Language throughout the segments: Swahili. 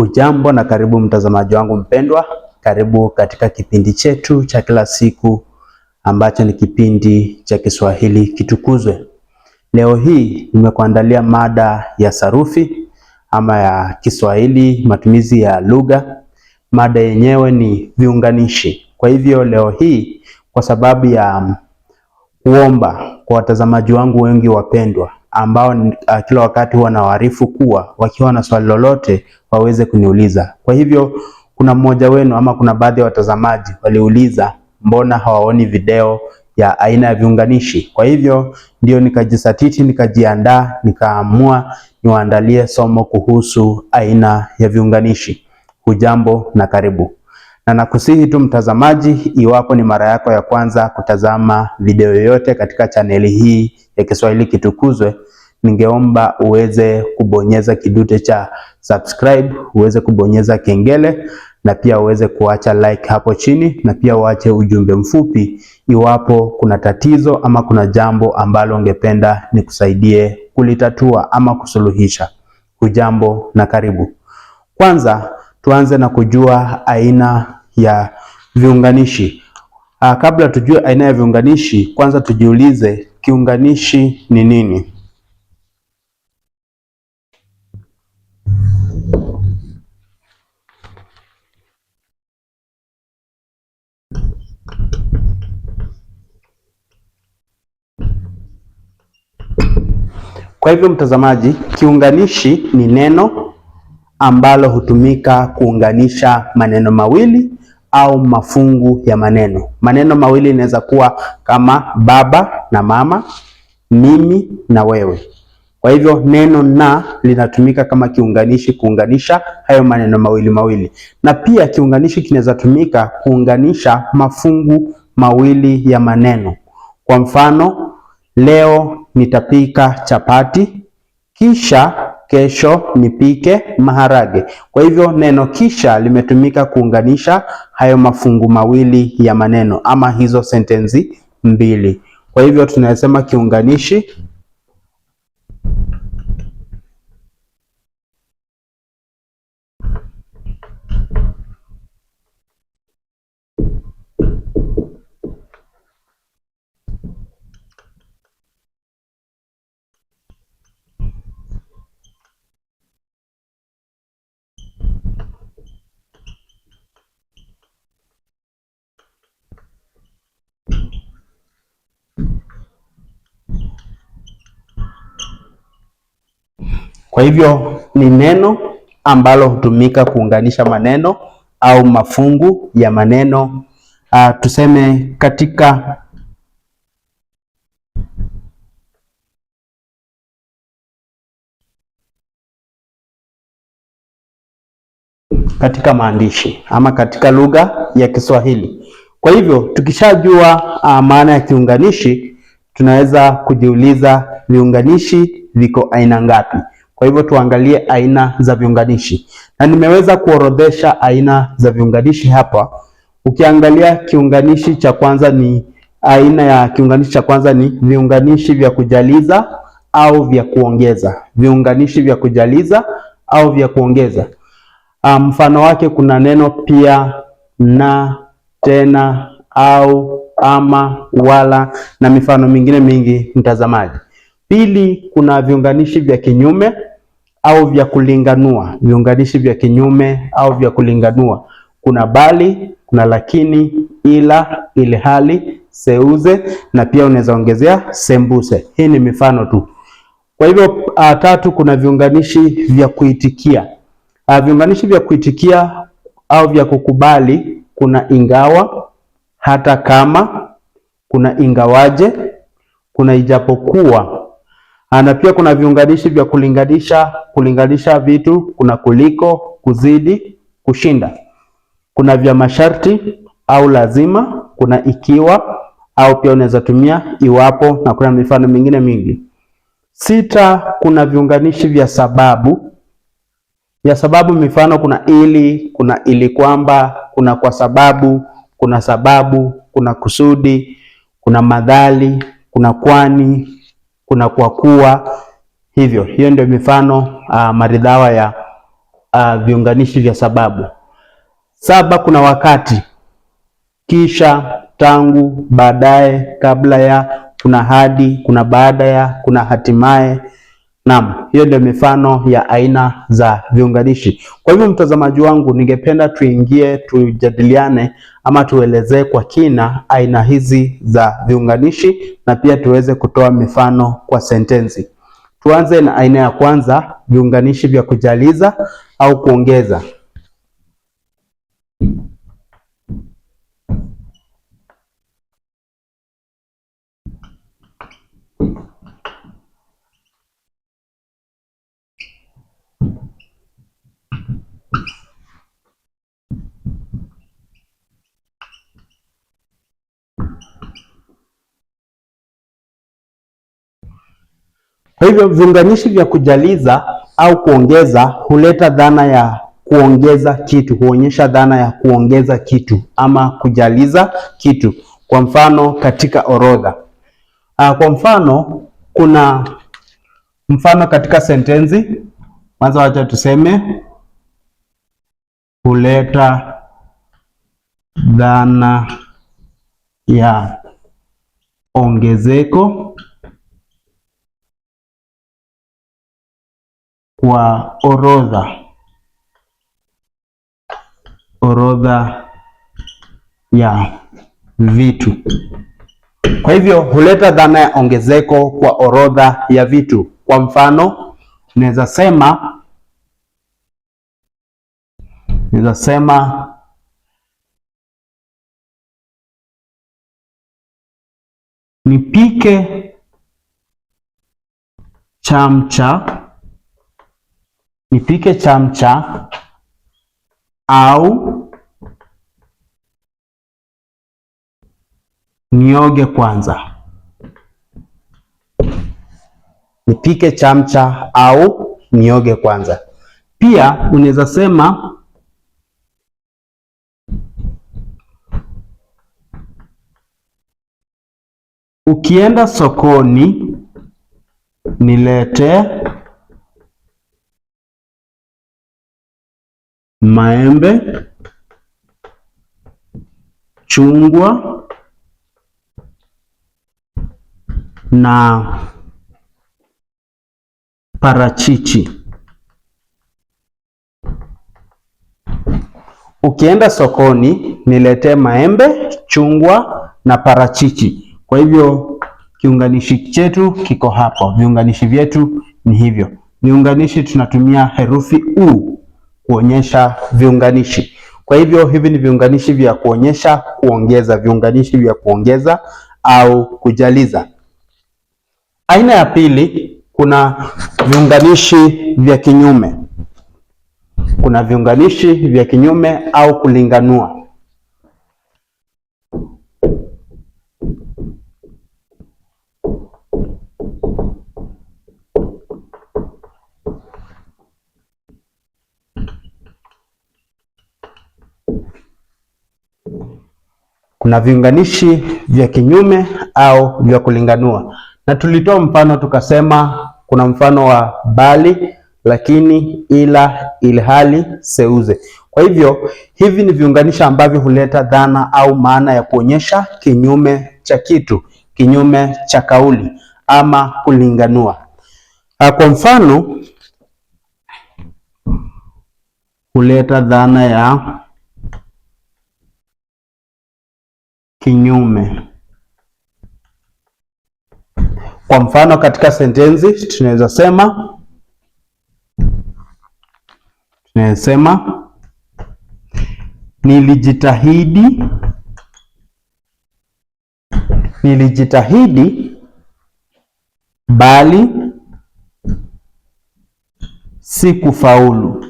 ujambo na karibu mtazamaji wangu mpendwa, karibu katika kipindi chetu cha kila siku ambacho ni kipindi cha Kiswahili Kitukuzwe. Leo hii nimekuandalia mada ya sarufi ama ya Kiswahili, matumizi ya lugha. Mada yenyewe ni viunganishi. Kwa hivyo leo hii, kwa sababu ya kuomba kwa watazamaji wangu wengi wapendwa, ambao uh, kila wakati huwa nawaarifu kuwa wakiwa na swali lolote waweze kuniuliza. Kwa hivyo kuna mmoja wenu ama kuna baadhi ya watazamaji waliuliza mbona hawaoni video ya aina ya viunganishi. Kwa hivyo ndio nikajisatiti, nikajiandaa, nikaamua niwaandalie somo kuhusu aina ya viunganishi. Hujambo na karibu. Na nakusihi tu mtazamaji, iwapo ni mara yako ya kwanza kutazama video yoyote katika chaneli hii ya Kiswahili kitukuzwe, ningeomba uweze kubonyeza kidute cha subscribe, uweze kubonyeza kengele na pia uweze kuacha like hapo chini, na pia uache ujumbe mfupi iwapo kuna tatizo ama kuna jambo ambalo ungependa nikusaidie kulitatua ama kusuluhisha. ujambo na karibu. Kwanza tuanze na kujua aina ya viunganishi. Aa, ah, kabla tujue aina ya viunganishi, kwanza tujiulize kiunganishi ni nini? Kwa hivyo mtazamaji, kiunganishi ni neno ambalo hutumika kuunganisha maneno mawili au mafungu ya maneno. Maneno mawili inaweza kuwa kama baba na mama, mimi na wewe. Kwa hivyo neno na linatumika kama kiunganishi kuunganisha hayo maneno mawili mawili, na pia kiunganishi kinaweza tumika kuunganisha mafungu mawili ya maneno. Kwa mfano, leo nitapika chapati, kisha kesho nipike maharage. Kwa hivyo neno kisha limetumika kuunganisha hayo mafungu mawili ya maneno ama hizo sentensi mbili. Kwa hivyo tunasema kiunganishi Kwa hivyo ni neno ambalo hutumika kuunganisha maneno au mafungu ya maneno. Uh, tuseme katika katika maandishi ama katika lugha ya Kiswahili. Kwa hivyo tukishajua uh, maana ya kiunganishi tunaweza kujiuliza viunganishi viko aina ngapi? Kwa hivyo tuangalie aina za viunganishi, na nimeweza kuorodhesha aina za viunganishi hapa. Ukiangalia kiunganishi cha kwanza ni aina ya kiunganishi cha kwanza ni viunganishi vya kujaliza au vya kuongeza, viunganishi vya kujaliza au vya kuongeza. Ah, mfano wake kuna neno pia, na, tena, au, ama, wala na mifano mingine mingi, mtazamaji. Pili, kuna viunganishi vya kinyume au vya kulinganua, viunganishi vya kinyume au vya kulinganua. Kuna bali, kuna lakini, ila, ile hali seuze na pia unaweza ongezea sembuse. Hii ni mifano tu. Kwa hivyo ah, tatu, kuna viunganishi vya kuitikia. A, ah, viunganishi vya kuitikia au vya kukubali, kuna ingawa, hata kama, kuna ingawaje, kuna ijapokuwa Ah, na pia kuna viunganishi vya kulinganisha kulinganisha vitu. Kuna kuliko, kuzidi, kushinda. Kuna vya masharti au lazima. Kuna ikiwa au pia unaweza tumia iwapo, na kuna mifano mingine mingi. Sita, kuna viunganishi vya sababu. ya sababu mifano, kuna ili, kuna ili kwamba, kuna kwa sababu, kuna sababu, kuna kusudi, kuna madhali, kuna kwani kuna kwa kuwa, hivyo. Hiyo ndio mifano uh, maridhawa ya uh, viunganishi vya sababu. Saba, kuna wakati, kisha, tangu, baadaye, kabla ya, kuna hadi, kuna baada ya, kuna hatimaye Naam, hiyo ndio mifano ya aina za viunganishi. Kwa hivyo, mtazamaji wangu, ningependa tuingie tujadiliane ama tuelezee kwa kina aina hizi za viunganishi na pia tuweze kutoa mifano kwa sentensi. Tuanze na aina ya kwanza, viunganishi vya kujaliza au kuongeza. Kwa hivyo viunganishi vya kujaliza au kuongeza huleta dhana ya kuongeza kitu, huonyesha dhana ya kuongeza kitu ama kujaliza kitu. Kwa mfano katika orodha. Ah, kwa mfano kuna mfano katika sentensi. Kwanza wacha tuseme huleta dhana ya ongezeko kwa orodha orodha ya vitu. Kwa hivyo huleta dhana ya ongezeko kwa orodha ya vitu. Kwa mfano, naweza sema naweza sema nipike chamcha nipike chamcha au nioge kwanza? Nipike chamcha au nioge kwanza? Pia unaweza sema ukienda sokoni, niletee maembe, chungwa na parachichi. Ukienda sokoni, niletee maembe, chungwa na parachichi. Kwa hivyo kiunganishi chetu kiko hapo. Viunganishi vyetu ni hivyo. Viunganishi tunatumia herufi u kuonyesha viunganishi. Kwa hivyo hivi ni viunganishi vya kuonyesha kuongeza, viunganishi vya kuongeza au kujaliza. Aina ya pili, kuna viunganishi vya kinyume. Kuna viunganishi vya kinyume au kulinganua. kuna viunganishi vya kinyume au vya kulinganua, na tulitoa mfano tukasema kuna mfano wa bali, lakini, ila, ilhali, seuze. Kwa hivyo hivi ni viunganishi ambavyo huleta dhana au maana ya kuonyesha kinyume cha kitu, kinyume cha kauli ama kulinganua. Ah, kwa mfano huleta dhana ya kinyume. Kwa mfano, katika sentensi tunaweza sema tunaweza sema nilijitahidi nilijitahidi bali sikufaulu.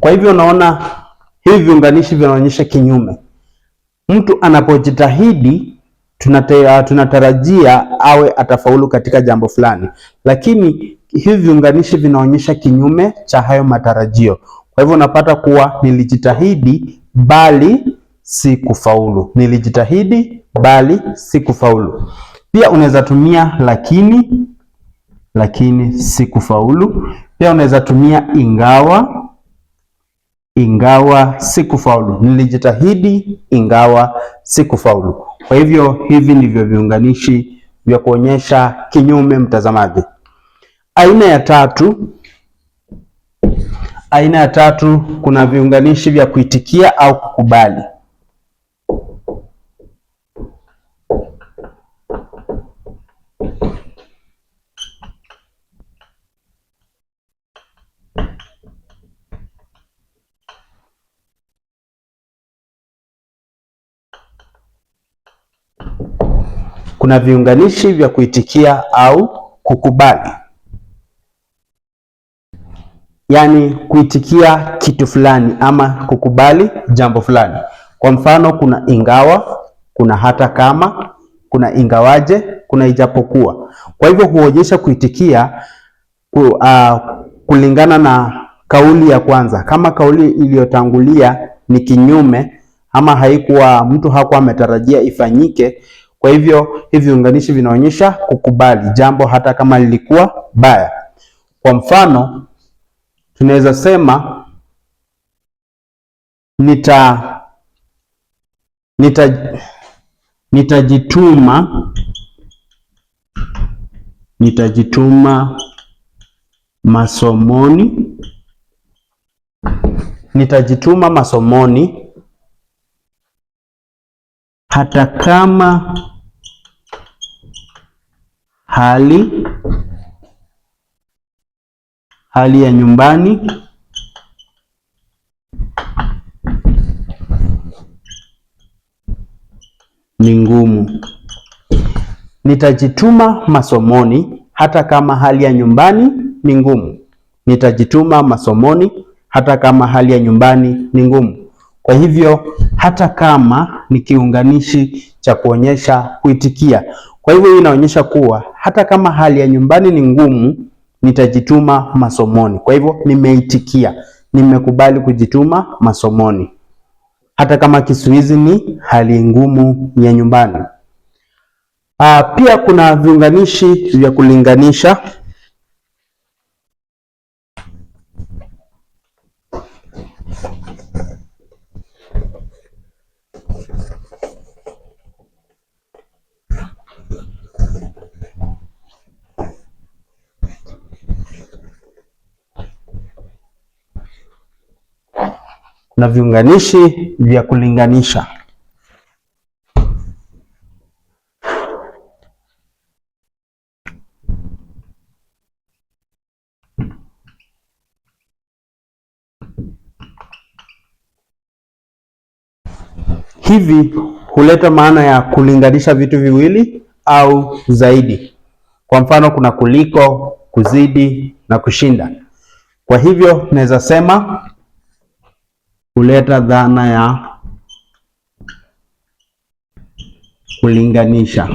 Kwa hivyo unaona hivi viunganishi vinaonyesha kinyume mtu anapojitahidi ah, tunatarajia awe atafaulu katika jambo fulani, lakini hivi viunganishi vinaonyesha kinyume cha hayo matarajio. Kwa hivyo unapata kuwa nilijitahidi bali si kufaulu, nilijitahidi bali si kufaulu. Pia unaweza tumia lakini, lakini si kufaulu. Pia unaweza tumia ingawa ingawa sikufaulu, nilijitahidi ingawa sikufaulu. Kwa hivyo hivi ndivyo viunganishi vya kuonyesha kinyume, mtazamaji. Aina ya tatu, aina ya tatu kuna viunganishi vya kuitikia au kukubali. kuna viunganishi vya kuitikia au kukubali, yaani kuitikia kitu fulani ama kukubali jambo fulani. Kwa mfano, kuna ingawa, kuna hata kama, kuna ingawaje, kuna ijapokuwa. Kwa hivyo huonyesha kuitikia ku, uh, kulingana na kauli ya kwanza. Kama kauli iliyotangulia ni kinyume ama haikuwa, mtu hakuwa ametarajia ifanyike kwa hivyo hivi viunganishi vinaonyesha kukubali jambo hata kama lilikuwa baya. Kwa mfano, tunaweza sema nita nita nitajituma nitajituma masomoni nitajituma masomoni hata kama hali hali ya nyumbani ni ngumu. Nitajituma masomoni hata kama hali ya nyumbani ni ngumu. Nitajituma masomoni hata kama hali ya nyumbani ni ngumu. Kwa hivyo hata kama ni kiunganishi cha kuonyesha kuitikia. Kwa hivyo hii inaonyesha kuwa hata kama hali ya nyumbani ni ngumu, nitajituma masomoni. Kwa hivyo nimeitikia, nimekubali kujituma masomoni, hata kama kizuizi ni hali ngumu ya nyumbani. Aa, ah, pia kuna viunganishi vya kulinganisha na viunganishi vya kulinganisha. Hivi huleta maana ya kulinganisha vitu viwili au zaidi. Kwa mfano, kuna kuliko, kuzidi na kushinda. Kwa hivyo naweza sema kuleta dhana ya kulinganisha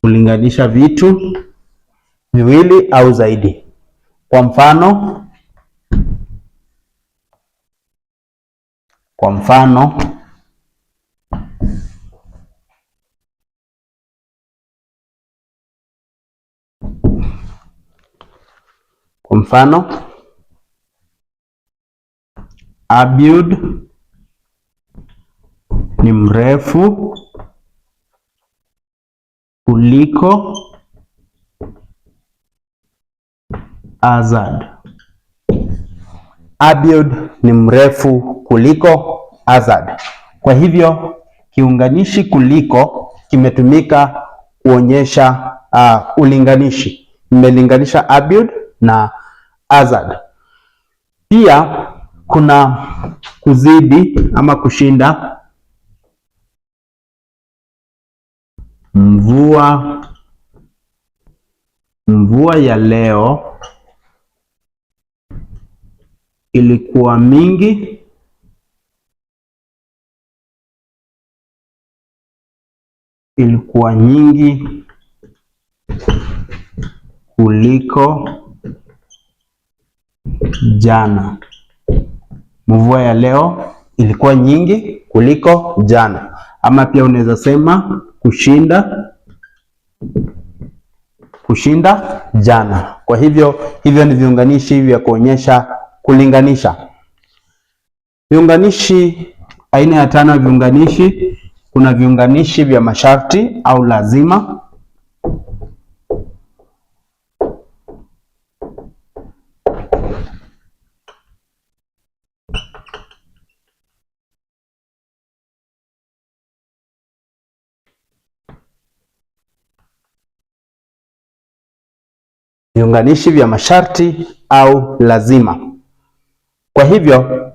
kulinganisha vitu viwili au zaidi. Kwa mfano kwa mfano kwa mfano Abiud ni mrefu kuliko Azad. Abiud ni mrefu kuliko Azad. Kwa hivyo kiunganishi kuliko kimetumika kuonyesha uh, ulinganishi. Nimelinganisha Abiud na Azad. Pia kuna kuzidi ama kushinda mvua mvua ya leo ilikuwa mingi ilikuwa nyingi kuliko jana mvua ya leo ilikuwa nyingi kuliko jana, ama pia unaweza sema kushinda kushinda jana. Kwa hivyo hivyo ni viunganishi vya kuonyesha kulinganisha. Viunganishi aina ya tano ya viunganishi, kuna viunganishi vya masharti au lazima viunganishi vya masharti au lazima. Kwa hivyo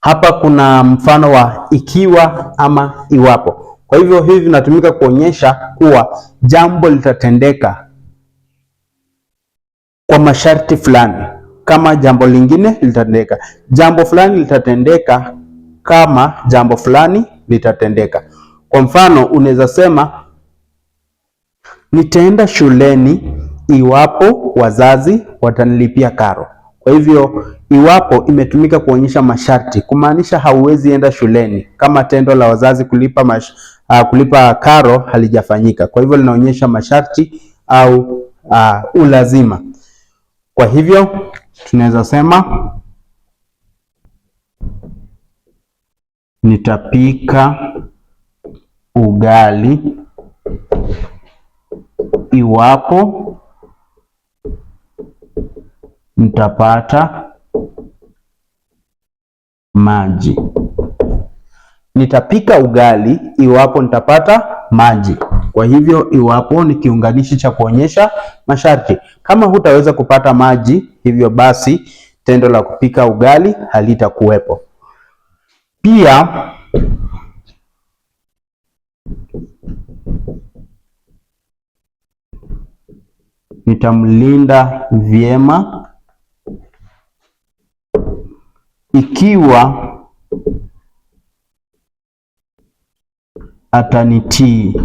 hapa kuna mfano wa ikiwa ama iwapo. Kwa hivyo hivi vinatumika kuonyesha kuwa jambo litatendeka kwa masharti fulani kama jambo lingine litatendeka. Jambo fulani litatendeka kama jambo fulani litatendeka. Kwa mfano unaweza sema nitaenda shuleni iwapo wazazi watanilipia karo. Kwa hivyo iwapo imetumika kuonyesha masharti, kumaanisha hauwezi enda shuleni kama tendo la wazazi kulipa mash, uh, kulipa karo halijafanyika. Kwa hivyo linaonyesha masharti au uh, ulazima. Kwa hivyo tunaweza sema nitapika ugali iwapo mtapata maji. Nitapika ugali iwapo nitapata maji. Kwa hivyo iwapo ni kiunganishi cha kuonyesha masharti. Kama hutaweza kupata maji, hivyo basi tendo la kupika ugali halitakuwepo. Pia nitamlinda vyema ikiwa atanitii.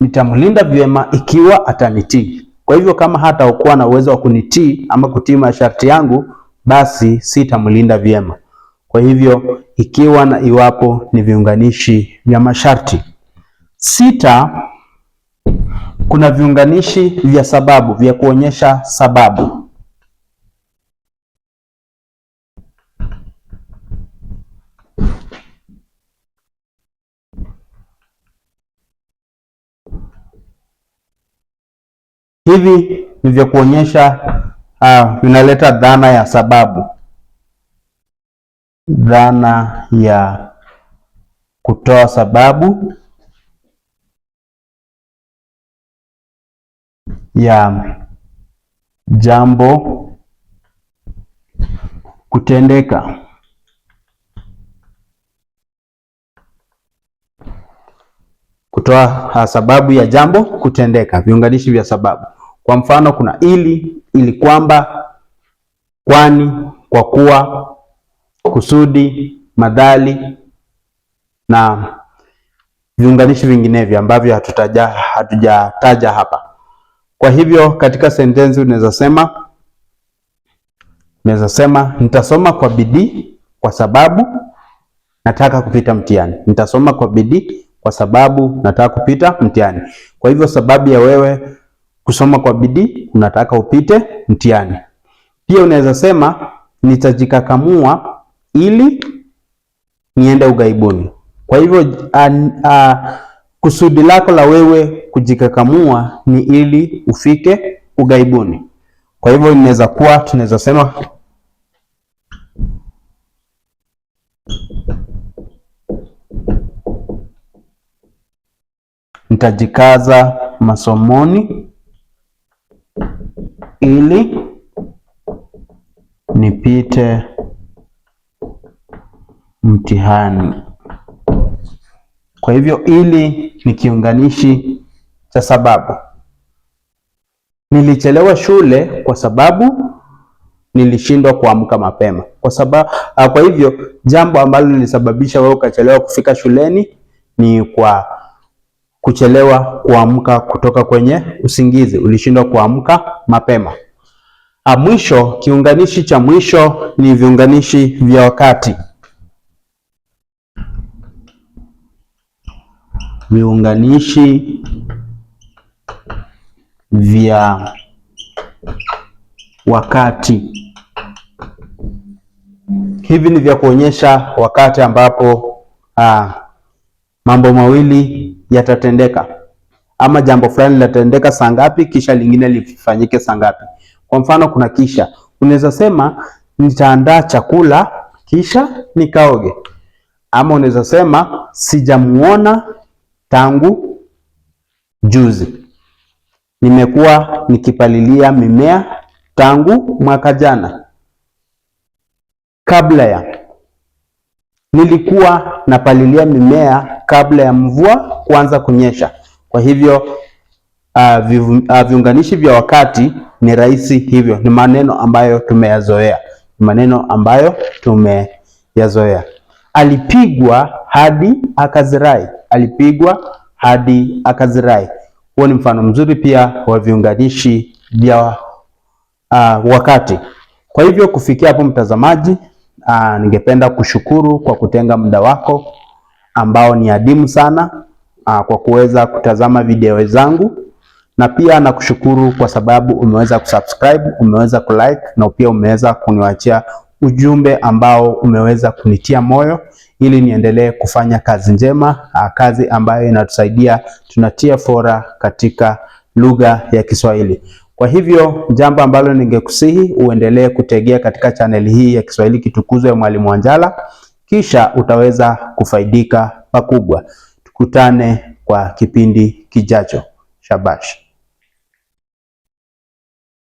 Nitamlinda vyema ikiwa atanitii. Kwa hivyo kama hatakuwa na uwezo wa kunitii ama kutii masharti yangu, basi sitamlinda vyema. Kwa hivyo ikiwa na iwapo ni viunganishi vya masharti. Sita, kuna viunganishi vya sababu vya kuonyesha sababu. Hivi ni vya kuonyesha uh, vinaleta dhana ya sababu, dhana ya kutoa sababu ya jambo kutendeka. Kutoa ah, sababu ya jambo kutendeka, viunganishi vya sababu kwa mfano kuna ili, ili kwamba, kwani, kwa kuwa, kusudi, madhali na viunganishi vinginevyo ambavyo hatutaja hatujataja hapa. Kwa hivyo katika sentensi unaweza sema unaweza sema nitasoma kwa bidii kwa sababu nataka kupita mtihani. Nitasoma kwa bidii kwa sababu nataka kupita mtihani. Kwa hivyo sababu ya wewe kusoma kwa bidii, unataka upite mtihani. Pia unaweza sema nitajikakamua ili niende ugaibuni. Kwa hivyo kusudi lako la wewe kujikakamua ni ili ufike ugaibuni. Kwa hivyo inaweza kuwa tunaweza sema nitajikaza masomoni ili nipite mtihani. Kwa hivyo ili ni kiunganishi cha sababu. Nilichelewa shule kwa sababu nilishindwa kuamka mapema. Kwa sababu, kwa hivyo jambo ambalo lilisababisha wewe ukachelewa kufika shuleni ni kwa kuchelewa kuamka kutoka kwenye usingizi, ulishindwa kuamka mapema. A, ah, mwisho, kiunganishi cha mwisho ni viunganishi vya wakati. Viunganishi vya wakati hivi ni vya kuonyesha wakati ambapo a, ah, mambo mawili yatatendeka ama jambo fulani litatendeka saa ngapi, kisha lingine lifanyike saa ngapi. Kwa mfano, kuna kisha. Unaweza sema nitaandaa chakula kisha nikaoge, ama unaweza sema sijamuona tangu juzi, nimekuwa nikipalilia mimea tangu mwaka jana, kabla ya nilikuwa napalilia mimea kabla ya mvua kuanza kunyesha. Kwa hivyo uh, vi, uh, viunganishi vya wakati ni rahisi hivyo, ni maneno ambayo tumeyazoea, ni maneno ambayo tumeyazoea. Alipigwa hadi akazirai, alipigwa hadi akazirai. Huo ni mfano mzuri pia wa viunganishi vya uh, wakati. Kwa hivyo kufikia hapo, mtazamaji Aa, ah, ningependa kushukuru kwa kutenga muda wako ambao ni adimu sana, aa, ah, kwa kuweza kutazama video zangu, na pia nakushukuru kwa sababu umeweza kusubscribe, umeweza kulike na pia umeweza kuniwachia ujumbe ambao umeweza kunitia moyo ili niendelee kufanya kazi njema, aa, ah, kazi ambayo inatusaidia tunatia fora katika lugha ya Kiswahili. Kwa hivyo jambo ambalo ningekusihi uendelee kutegea katika chaneli hii ya Kiswahili kitukuzwe ya Mwalimu Wanjala, kisha utaweza kufaidika pakubwa. Tukutane kwa kipindi kijacho. shabashi